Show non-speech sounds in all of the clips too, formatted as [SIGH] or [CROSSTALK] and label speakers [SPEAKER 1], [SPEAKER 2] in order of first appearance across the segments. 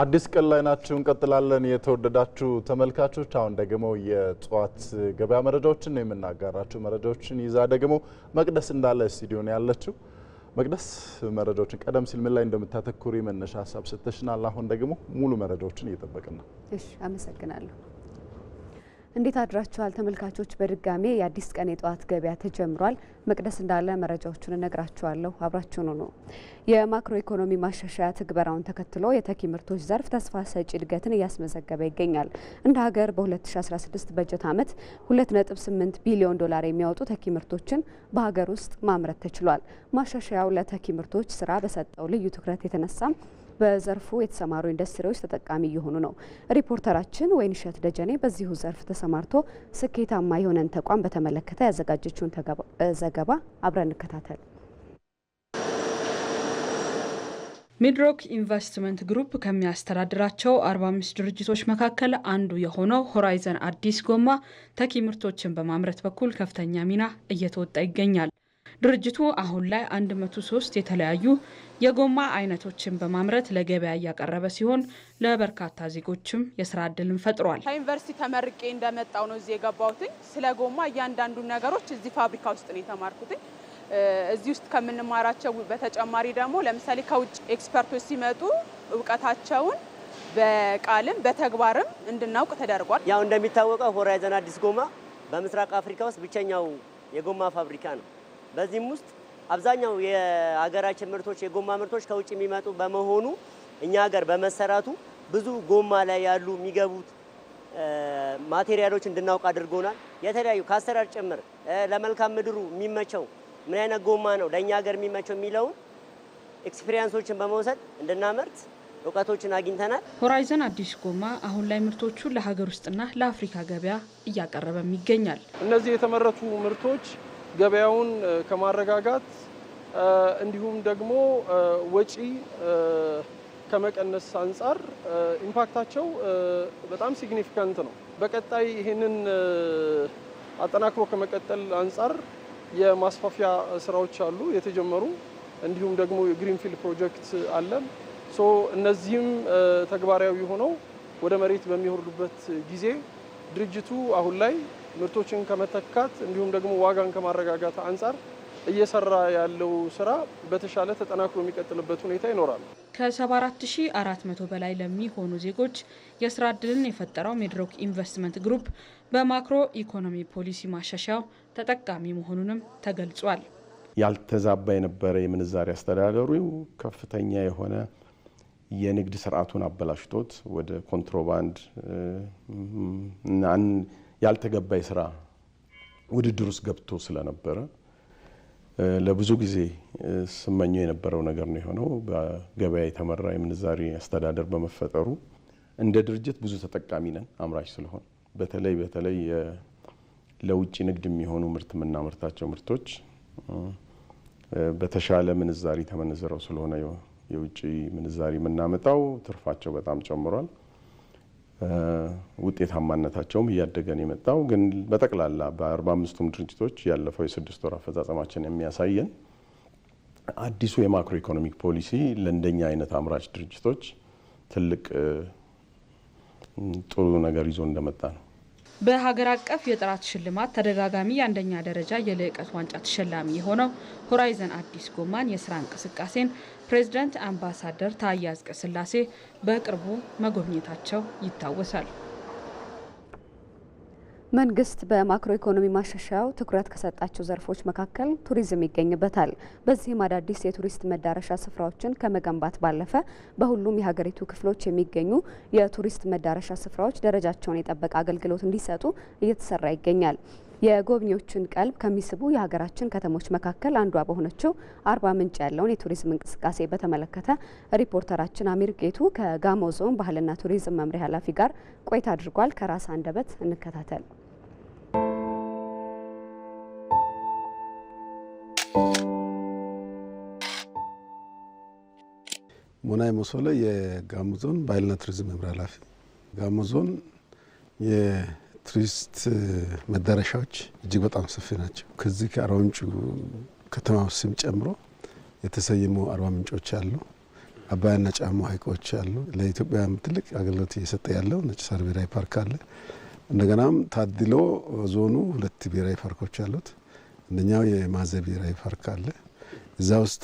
[SPEAKER 1] አዲስ ቀን ላይ ናችሁ። እንቀጥላለን። የተወደዳችሁ ተመልካቾች፣ አሁን ደግሞ የእጽዋት ገበያ መረጃዎችን ነው የምናጋራችሁ። መረጃዎችን ይዛ ደግሞ መቅደስ እንዳለ ስቱዲዮን ያለችው። መቅደስ መረጃዎችን ቀደም ሲል ምን ላይ እንደምታተኩሪ መነሻ ሀሳብ ሰጥተሽናል። አሁን ደግሞ ሙሉ መረጃዎችን እየጠበቅን ነው።
[SPEAKER 2] እሺ፣ አመሰግናለሁ። እንዴት አድራችኋል ተመልካቾች? በድጋሜ የአዲስ ቀን የጠዋት ገበያ ተጀምሯል። መቅደስ እንዳለ መረጃዎቹን እነግራችኋለሁ። አብራችሁኑ ነው። የማክሮ ኢኮኖሚ ማሻሻያ ትግበራውን ተከትሎ የተኪ ምርቶች ዘርፍ ተስፋ ሰጪ እድገትን እያስመዘገበ ይገኛል። እንደ ሀገር በ2016 በጀት ዓመት 2.8 ቢሊዮን ዶላር የሚያወጡ ተኪ ምርቶችን በሀገር ውስጥ ማምረት ተችሏል። ማሻሻያው ለተኪ ምርቶች ስራ በሰጠው ልዩ ትኩረት የተነሳም በዘርፉ የተሰማሩ ኢንዱስትሪዎች ተጠቃሚ እየሆኑ ነው። ሪፖርተራችን ወይንሸት ደጀኔ በዚሁ ዘርፍ ተሰማርቶ ስኬታማ የሆነን ተቋም በተመለከተ ያዘጋጀችውን ዘገባ አብረን እንከታተል።
[SPEAKER 3] ሚድሮክ ኢንቨስትመንት ግሩፕ ከሚያስተዳድራቸው 45 ድርጅቶች መካከል አንዱ የሆነው ሆራይዘን አዲስ ጎማ ተኪ ምርቶችን በማምረት በኩል ከፍተኛ ሚና እየተወጣ ይገኛል። ድርጅቱ አሁን ላይ 103 የተለያዩ የጎማ አይነቶችን በማምረት ለገበያ እያቀረበ ሲሆን ለበርካታ ዜጎችም የስራ እድልን ፈጥሯል።
[SPEAKER 4] ከዩኒቨርሲቲ ተመርቄ እንደመጣው ነው እዚህ የገባሁትኝ። ስለ ጎማ እያንዳንዱ ነገሮች እዚህ ፋብሪካ ውስጥ ነው የተማርኩትኝ። እዚህ ውስጥ ከምንማራቸው በተጨማሪ ደግሞ ለምሳሌ ከውጭ ኤክስፐርቶች ሲመጡ እውቀታቸውን በቃልም በተግባርም እንድናውቅ ተደርጓል።
[SPEAKER 5] ያው እንደሚታወቀው ሆራይዘን አዲስ ጎማ በምስራቅ አፍሪካ ውስጥ ብቸኛው የጎማ ፋብሪካ ነው። በዚህም ውስጥ አብዛኛው የሀገራችን ምርቶች የጎማ ምርቶች ከውጭ የሚመጡ በመሆኑ እኛ ሀገር በመሰራቱ ብዙ ጎማ ላይ ያሉ የሚገቡት ማቴሪያሎች እንድናውቅ አድርጎናል። የተለያዩ ከአሰራር ጭምር ለመልካም ምድሩ የሚመቸው ምን አይነት ጎማ ነው ለእኛ ሀገር የሚመቸው የሚለውን ኤክስፔሪንሶችን በመውሰድ እንድናመርት እውቀቶችን አግኝተናል።
[SPEAKER 3] ሆራይዘን አዲስ ጎማ አሁን ላይ ምርቶቹ ለሀገር ውስጥና ለአፍሪካ ገበያ እያቀረበም ይገኛል።
[SPEAKER 6] እነዚህ የተመረቱ ምርቶች ገበያውን ከማረጋጋት እንዲሁም ደግሞ ወጪ ከመቀነስ አንጻር ኢምፓክታቸው በጣም ሲግኒፊካንት ነው። በቀጣይ ይህንን አጠናክሮ ከመቀጠል አንጻር የማስፋፊያ ስራዎች አሉ የተጀመሩ፣ እንዲሁም ደግሞ የግሪንፊልድ ፕሮጀክት አለ። ሶ እነዚህም ተግባራዊ ሆነው ወደ መሬት በሚወርዱበት ጊዜ ድርጅቱ አሁን ላይ ምርቶችን ከመተካት እንዲሁም ደግሞ ዋጋን ከማረጋጋት አንጻር እየሰራ ያለው ስራ በተሻለ ተጠናክሮ የሚቀጥልበት ሁኔታ ይኖራል።
[SPEAKER 3] ከ74,400 በላይ ለሚሆኑ ዜጎች የስራ እድልን የፈጠረው ሚድሮክ ኢንቨስትመንት ግሩፕ በማክሮ ኢኮኖሚ ፖሊሲ ማሻሻያው ተጠቃሚ መሆኑንም ተገልጿል።
[SPEAKER 7] ያልተዛባ የነበረ የምንዛሪ አስተዳደሩ ከፍተኛ የሆነ የንግድ ስርዓቱን አበላሽቶት ወደ ኮንትሮባንድ ያልተገባ የስራ ውድድር ውስጥ ገብቶ ስለነበረ ለብዙ ጊዜ ስመኘው የነበረው ነገር ነው የሆነው። በገበያ የተመራ የምንዛሬ አስተዳደር በመፈጠሩ እንደ ድርጅት ብዙ ተጠቃሚ ነን። አምራች ስለሆን በተለይ በተለይ ለውጭ ንግድ የሚሆኑ ምርት የምናመርታቸው ምርቶች በተሻለ ምንዛሪ ተመንዝረው ስለሆነ የውጭ ምንዛሪ የምናመጣው ትርፋቸው በጣም ጨምሯል። ውጤታማነታቸውም እያደገን የመጣው ግን በጠቅላላ በአርባ አምስቱም ድርጅቶች ያለፈው የስድስት ወር አፈጻጸማችን የሚያሳየን አዲሱ የማክሮ ኢኮኖሚክ ፖሊሲ ለእንደኛ አይነት አምራች ድርጅቶች ትልቅ ጥሩ ነገር ይዞ እንደመጣ ነው።
[SPEAKER 3] በሀገር አቀፍ የጥራት ሽልማት ተደጋጋሚ የአንደኛ ደረጃ የልዕቀት ዋንጫ ተሸላሚ የሆነው ሆራይዘን አዲስ ጎማን የስራ እንቅስቃሴን ፕሬዝዳንት አምባሳደር ታዬ አጽቀሥላሴ በቅርቡ መጎብኘታቸው ይታወሳል።
[SPEAKER 2] መንግስት በማክሮ ኢኮኖሚ ማሻሻያው ትኩረት ከሰጣቸው ዘርፎች መካከል ቱሪዝም ይገኝበታል። በዚህም አዳዲስ የቱሪስት መዳረሻ ስፍራዎችን ከመገንባት ባለፈ በሁሉም የሀገሪቱ ክፍሎች የሚገኙ የቱሪስት መዳረሻ ስፍራዎች ደረጃቸውን የጠበቀ አገልግሎት እንዲሰጡ እየተሰራ ይገኛል። የጎብኚዎችን ቀልብ ከሚስቡ የሀገራችን ከተሞች መካከል አንዷ በሆነችው አርባ ምንጭ ያለውን የቱሪዝም እንቅስቃሴ በተመለከተ ሪፖርተራችን አሚር ጌቱ ከጋሞ ዞን ባህልና ቱሪዝም መምሪያ ኃላፊ ጋር ቆይታ አድርጓል። ከራስ አንደበት እንከታተል።
[SPEAKER 8] ሞናይ መሶለ የጋሞ ዞን ባህልና ቱሪዝም መምሪያ ኃላፊ። ጋሞ ዞን የቱሪስት መዳረሻዎች እጅግ በጣም ሰፊ ናቸው። ከዚህ ከአርባ ምንጩ ከተማ ስም ጨምሮ የተሰየሙ አርባ ምንጮች አሉ። አባያና ጫሞ ሀይቆች አሉ። ለኢትዮጵያ ትልቅ አገልግሎት እየሰጠ ያለው ነጭ ሳር ብሔራዊ ፓርክ አለ። እንደገናም ታድሎ ዞኑ ሁለት ብሔራዊ ፓርኮች አሉት። አንደኛው የማዘ ብሔራዊ ፓርክ አለ። እዛ ውስጥ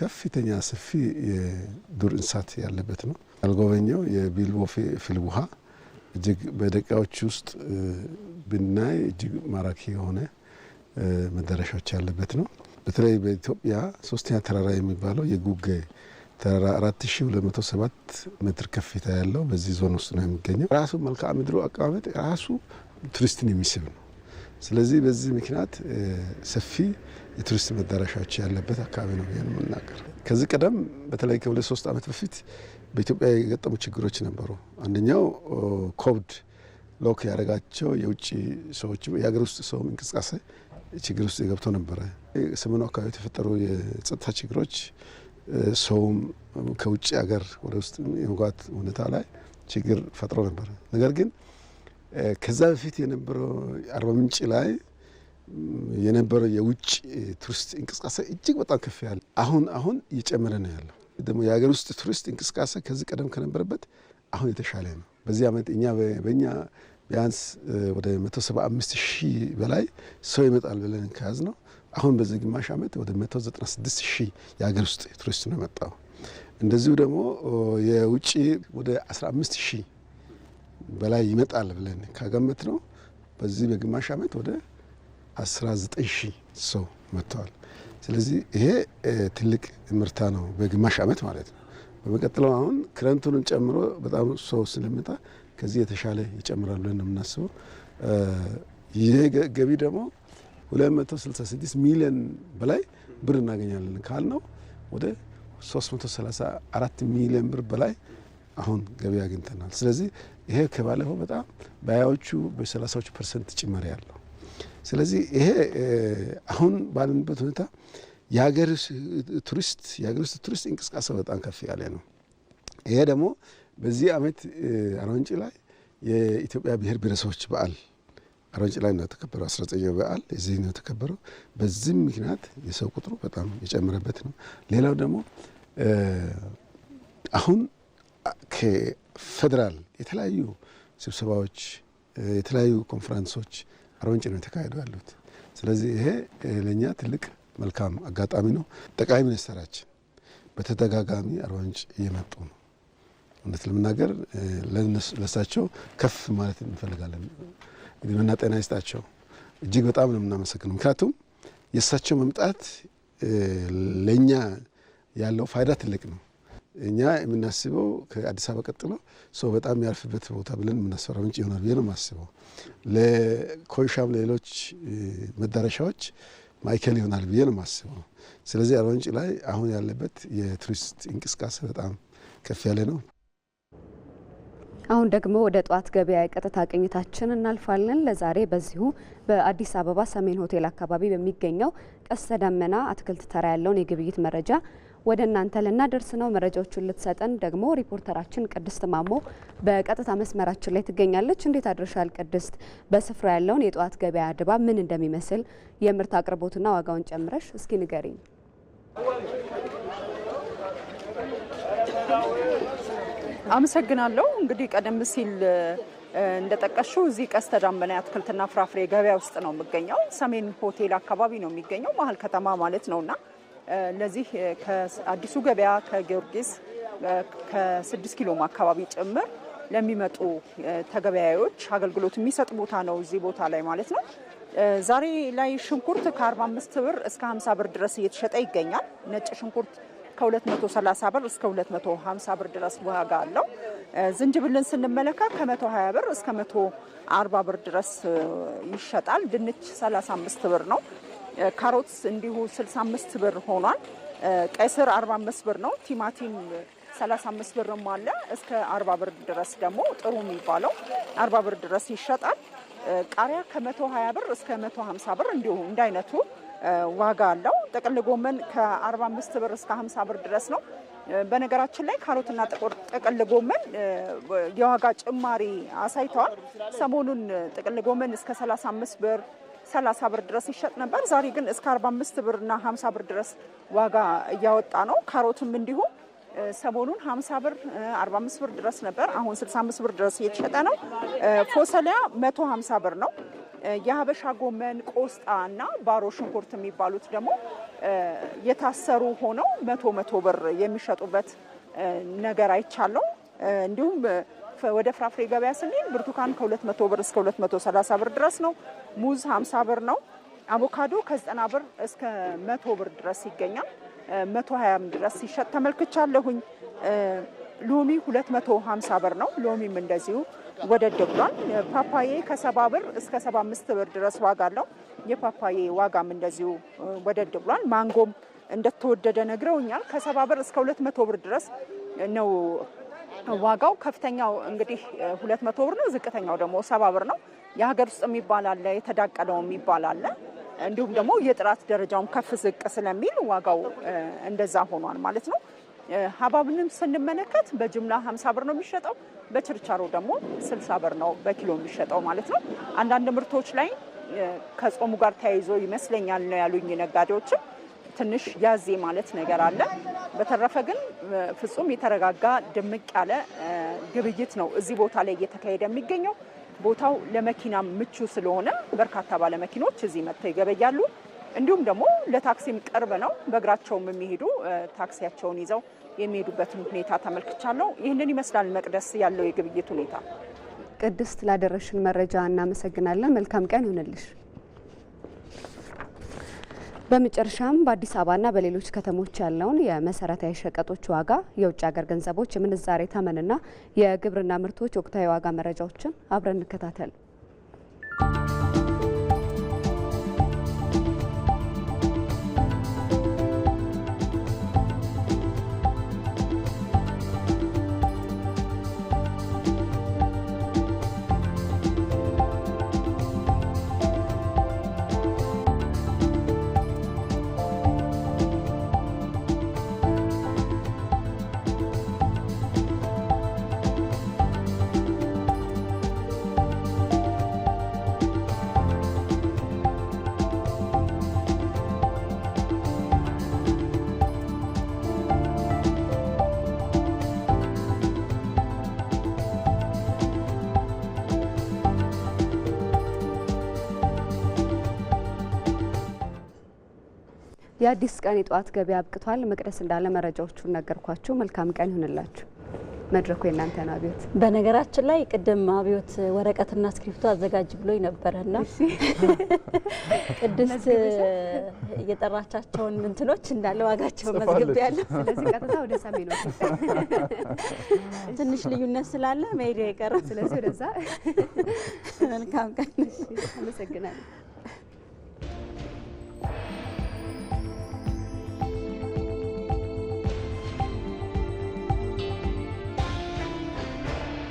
[SPEAKER 8] ከፍተኛ ሰፊ የዱር እንስሳት ያለበት ነው። ያልጎበኘው የቢልቦ ፊልም ውሃ እጅግ በደቂቃዎች ውስጥ ብናይ እጅግ ማራኪ የሆነ መዳረሻዎች ያለበት ነው። በተለይ በኢትዮጵያ ሶስተኛ ተራራ የሚባለው የጉጌ ተራራ 4207 ሜትር ከፍታ ያለው በዚህ ዞን ውስጥ ነው የሚገኘው። ራሱ መልክዓ ምድሩ አቀማመጥ ራሱ ቱሪስትን የሚስብ ነው። ስለዚህ በዚህ ምክንያት ሰፊ የቱሪስት መዳረሻዎች ያለበት አካባቢ ነው ብዬ የምናገር። ከዚህ ቀደም በተለይ ከሁለት ሶስት ዓመት በፊት በኢትዮጵያ የገጠሙ ችግሮች ነበሩ። አንደኛው ኮቪድ ሎክ ያደረጋቸው የውጭ ሰዎች የሀገር ውስጥ ሰውም እንቅስቃሴ ችግር ውስጥ የገብቶ ነበረ። ሰሜኑ አካባቢ የተፈጠሩ የጸጥታ ችግሮች ሰውም ከውጭ ሀገር ወደ ውስጥ የመግባት ሁኔታ ላይ ችግር ፈጥሮ ነበር። ነገር ግን ከዛ በፊት የነበረው አርባ ምንጭ ላይ የነበረ የውጭ ቱሪስት እንቅስቃሴ እጅግ በጣም ከፍ ያለ አሁን አሁን እየጨመረ ነው ያለው። ደግሞ የሀገር ውስጥ ቱሪስት እንቅስቃሴ ከዚህ ቀደም ከነበረበት አሁን የተሻለ ነው። በዚህ ዓመት እኛ በእኛ ቢያንስ ወደ 175 ሺህ በላይ ሰው ይመጣል ብለን ከያዝ ነው አሁን በዚህ ግማሽ ዓመት ወደ 196 ሺህ የሀገር ውስጥ ቱሪስት ነው የመጣው። እንደዚሁ ደግሞ የውጭ ወደ 15 ሺህ በላይ ይመጣል ብለን ካገመት ነው በዚህ በግማሽ ዓመት ወደ 19 ሺህ ሰው መጥተዋል። ስለዚህ ይሄ ትልቅ ምርታ ነው፣ በግማሽ ዓመት ማለት ነው። በመቀጠለው አሁን ክረምቱንም ጨምሮ በጣም ሰው ስለሚመጣ ከዚህ የተሻለ ይጨምራል ብለን ነው የምናስበው። ይህ ገቢ ደግሞ 266 ሚሊዮን በላይ ብር እናገኛለን ካልነው ወደ 334 ሚሊዮን ብር በላይ አሁን ገቢ አግኝተናል። ስለዚህ ይሄ ከባለፈው በጣም በሀያዎቹ በሰላሳዎቹ ፐርሰንት ጭማሪ ያለው ስለዚህ ይሄ አሁን ባለንበት ሁኔታ የሀገር ቱሪስት የሀገር ውስጥ ቱሪስት እንቅስቃሴ በጣም ከፍ ያለ ነው። ይሄ ደግሞ በዚህ አመት አርወንጭ ላይ የኢትዮጵያ ብሔር ብሔረሰቦች በዓል አርወንጭ ላይ ነው ተከበረው፣ አስራ በአል በዓል እዚህ ነው የተከበረው። በዚህም ምክንያት የሰው ቁጥሩ በጣም የጨመረበት ነው። ሌላው ደግሞ አሁን ከፌዴራል የተለያዩ ስብሰባዎች የተለያዩ ኮንፈረንሶች ከሮንጭ ነው የተካሄዱ ያሉት። ስለዚህ ይሄ ለእኛ ትልቅ መልካም አጋጣሚ ነው። ጠቅላይ ሚኒስትራችን በተደጋጋሚ አርባምንጭ እየመጡ ነው። እውነት ለመናገር ለሳቸው ከፍ ማለት እንፈልጋለን። እድሜና ጤና ይስጣቸው። እጅግ በጣም ነው የምናመሰግነው። ምክንያቱም የእሳቸው መምጣት ለእኛ ያለው ፋይዳ ትልቅ ነው። እኛ የምናስበው ከአዲስ አበባ ቀጥሎ ሰው በጣም ያርፍበት ቦታ ብለን የምናስፈራ ምንጭ ይሆናል ብዬ ነው የማስበው። ለኮይሻም ለሌሎች መዳረሻዎች ማይከል ይሆናል ብዬ ነው የማስበው። ስለዚህ አርባ ምንጭ ላይ አሁን ያለበት የቱሪስት እንቅስቃሴ በጣም ከፍ ያለ ነው።
[SPEAKER 2] አሁን ደግሞ ወደ ጠዋት ገበያ የቀጥታ ቅኝታችን እናልፋለን። ለዛሬ በዚሁ በአዲስ አበባ ሰሜን ሆቴል አካባቢ በሚገኘው ቀስተ ደመና አትክልት ተራ ያለውን የግብይት መረጃ ወደ እናንተ ልናደርስ ነው። መረጃዎቹን ልትሰጠን ደግሞ ሪፖርተራችን ቅድስት ማሞ በቀጥታ መስመራችን ላይ ትገኛለች። እንዴት አድርሻል ቅድስት? በስፍራ ያለውን የጠዋት ገበያ ድባብ ምን እንደሚመስል የምርት አቅርቦትና ዋጋውን ጨምረሽ እስኪ ንገሪኝ።
[SPEAKER 9] አመሰግናለሁ። እንግዲህ ቀደም ሲል እንደጠቀሽው እዚህ ቀስተ ዳመና የአትክልትና ፍራፍሬ ገበያ ውስጥ ነው የሚገኘው። ሰሜን ሆቴል አካባቢ ነው የሚገኘው መሀል ከተማ ማለት ነውና ለዚህ ከአዲሱ ገበያ ከጊዮርጊስ ከስድስት ኪሎም አካባቢ ጭምር ለሚመጡ ተገበያዮች አገልግሎት የሚሰጥ ቦታ ነው። እዚህ ቦታ ላይ ማለት ነው። ዛሬ ላይ ሽንኩርት ከ45 ብር እስከ 50 ብር ድረስ እየተሸጠ ይገኛል። ነጭ ሽንኩርት ከ230 ብር እስከ 250 ብር ድረስ ዋጋ አለው። ዝንጅብልን ስንመለከት ከ120 ብር እስከ 140 ብር ድረስ ይሸጣል። ድንች 35 ብር ነው። ካሮትስ እንዲሁ 65 ብር ሆኗል። ቀይ ስር 45 ብር ነው። ቲማቲም 35 ብርም አለ እስከ 40 ብር ድረስ ደግሞ ጥሩ የሚባለው 40 ብር ድረስ ይሸጣል። ቃሪያ ከ120 ብር እስከ 150 ብር እንዲሁ እንደ አይነቱ ዋጋ አለው። ጥቅል ጎመን ከ45 ብር እስከ 50 ብር ድረስ ነው። በነገራችን ላይ ካሮትና ጥቅል ጎመን የዋጋ ጭማሪ አሳይተዋል። ሰሞኑን ጥቅል ጎመን እስከ 35 ብር 30 ብር ድረስ ይሸጥ ነበር። ዛሬ ግን እስከ 45 ብር እና 50 ብር ድረስ ዋጋ እያወጣ ነው። ካሮትም እንዲሁ ሰሞኑን 50 ብር፣ 45 ብር ድረስ ነበር። አሁን 65 ብር ድረስ እየተሸጠ ነው። ፎሰሊያ 150 ብር ነው። የሀበሻ ጎመን፣ ቆስጣ እና ባሮ ሽንኩርት የሚባሉት ደግሞ የታሰሩ ሆነው መቶ መቶ ብር የሚሸጡበት ነገር አይቻለው። እንዲሁም ወደ ፍራፍሬ ገበያ ስንሄድ ብርቱካን ከ200 ብር እስከ 230 ብር ድረስ ነው። ሙዝ 50 ብር ነው። አቮካዶ ከ90 ብር እስከ 100 ብር ድረስ ይገኛል። 120 ድረስ ሲሸጥ ተመልክቻለሁኝ። ሎሚ 250 ብር ነው። ሎሚም እንደዚሁ ወደድ ብሏል። ፓፓዬ ከ70 ብር እስከ 75 ብር ድረስ ዋጋ አለው። የፓፓዬ ዋጋም እንደዚሁ ወደድ ብሏል። ማንጎም እንደተወደደ ነግረውኛል። ከ70 ብር እስከ 200 ብር ድረስ ነው ዋጋው ከፍተኛው እንግዲህ ሁለት መቶ ብር ነው። ዝቅተኛው ደግሞ ሰባ ብር ነው። የሀገር ውስጥ የሚባል አለ፣ የተዳቀለው የሚባል አለ። እንዲሁም ደግሞ የጥራት ደረጃውም ከፍ ዝቅ ስለሚል ዋጋው እንደዛ ሆኗል ማለት ነው። ሀባብንም ስንመለከት በጅምላ 50 ብር ነው የሚሸጠው፣ በችርቻሮ ደግሞ 60 ብር ነው በኪሎ የሚሸጠው ማለት ነው። አንዳንድ ምርቶች ላይ ከጾሙ ጋር ተያይዞ ይመስለኛል ነው ያሉኝ ነጋዴዎችም ትንሽ ያዜ ማለት ነገር አለ። በተረፈ ግን ፍጹም የተረጋጋ ድምቅ ያለ ግብይት ነው እዚህ ቦታ ላይ እየተካሄደ የሚገኘው። ቦታው ለመኪና ምቹ ስለሆነ በርካታ ባለመኪኖች እዚህ መጥተው ይገበያሉ። እንዲሁም ደግሞ ለታክሲም ቅርብ ነው። በእግራቸውም የሚሄዱ ታክሲያቸውን ይዘው የሚሄዱበትን ሁኔታ ተመልክቻለሁ። ይህንን ይመስላል መቅደስ ያለው የግብይት ሁኔታ።
[SPEAKER 2] ቅድስት፣ ላደረሽን መረጃ እናመሰግናለን። መልካም ቀን ይሆንልሽ። በመጨረሻም በአዲስ አበባና በሌሎች ከተሞች ያለውን የመሰረታዊ ሸቀጦች ዋጋ፣ የውጭ ሀገር ገንዘቦች የምንዛሬ ተመንና የግብርና ምርቶች ወቅታዊ ዋጋ መረጃዎችን አብረን እንከታተል። የአዲስ ቀን የጠዋት ገበያ አብቅቷል። መቅደስ እንዳለ መረጃዎቹን ነገርኳችሁ። መልካም ቀን ይሁንላችሁ። መድረኩ የእናንተ ነው። አብዮት
[SPEAKER 10] በነገራችን ላይ ቅድም አብዮት ወረቀትና እስክሪፕቶ አዘጋጅ ብሎኝ ነበረና [LAUGHS] ቅድስት እየጠራቻቸውን እንትኖች እንዳለ ዋጋቸውን መዝግብ ያለ
[SPEAKER 2] [LAUGHS] ስለዚህ ቀጥታ ወደ ሰሜን ነው። [LAUGHS]
[SPEAKER 10] ትንሽ ልዩነት ስላለ መሄድ የቀረ
[SPEAKER 2] ስለዚህ ወደዛ መልካም ቀን። አመሰግናለሁ።